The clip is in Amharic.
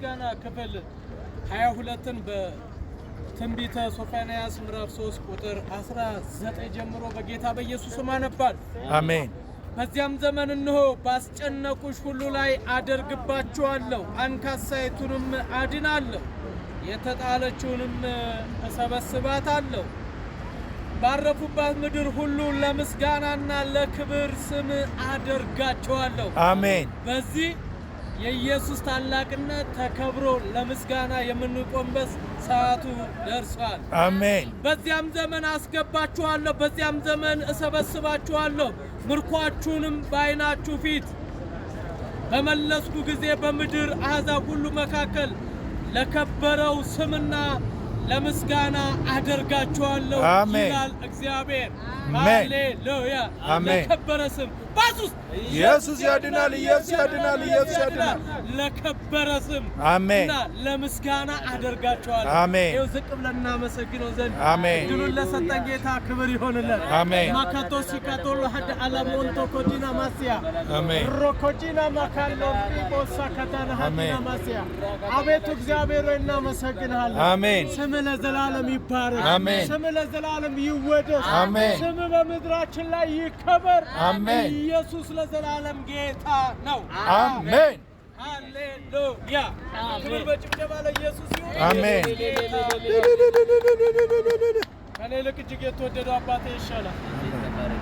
ምስጋና ክፍል 22ን በትንቢተ ሶፋንያስ ምዕራፍ 3 ቁጥር 19 ጀምሮ በጌታ በኢየሱስ ስም አነባል። አሜን። በዚያም ዘመን እንሆ ባስጨነቁሽ ሁሉ ላይ አደርግባችኋለሁ፣ አንካሳይቱንም አድናለሁ፣ የተጣለችውንም እሰበስባታለሁ። ባረፉባት ምድር ሁሉ ለምስጋናና ለክብር ስም አደርጋቸዋለሁ። አሜን። በዚህ የኢየሱስ ታላቅነት ተከብሮ ለምስጋና የምንቆምበት ሰዓቱ ደርሷል። አሜን። በዚያም ዘመን አስገባችኋለሁ፣ በዚያም ዘመን እሰበስባችኋለሁ፣ ምርኳችሁንም በዓይናችሁ ፊት በመለስኩ ጊዜ በምድር አሕዛብ ሁሉ መካከል ለከበረው ስምና ለምስጋና አደርጋችኋለሁ ይላል እግዚአብሔር። ሃሌሉያ! ለከበረ ስም ባሱስ ኢየሱስ ያድናል፣ ኢየሱስ ያድናል፣ ኢየሱስ ያድናል። ለከበረ ስም አሜን። ለምስጋና አደርጋችኋለሁ። አሜን። ይኸው ዝቅ ብለን እናመሰግነው ዘንድ አሜን። ድሉን ለሰጠን ጌታ ክብር ይሆንልን። አሜን። ማካቶ ሲካቶሎ ሀደ አላሞንቶ ኮጂና ማስያ አሜን። ሮኮጂና ማካሎ ቦሳ ከተና ሀዲና ማስያ አቤቱ እግዚአብሔር ሆይ አሜን ስም ለዘላለም ይባረክ። ስም ለዘላለም ይወደስ። ስም በምድራችን ላይ ይከበር። ኢየሱስ ለዘላለም ጌታ ነው። አሜን። ሃሌሉያ። ክብር በጭብጨባ ለኢየሱስ ይሁን። አሜን። ከኔ ልክ እጅግ የተወደደው አባቴ ይሻላል።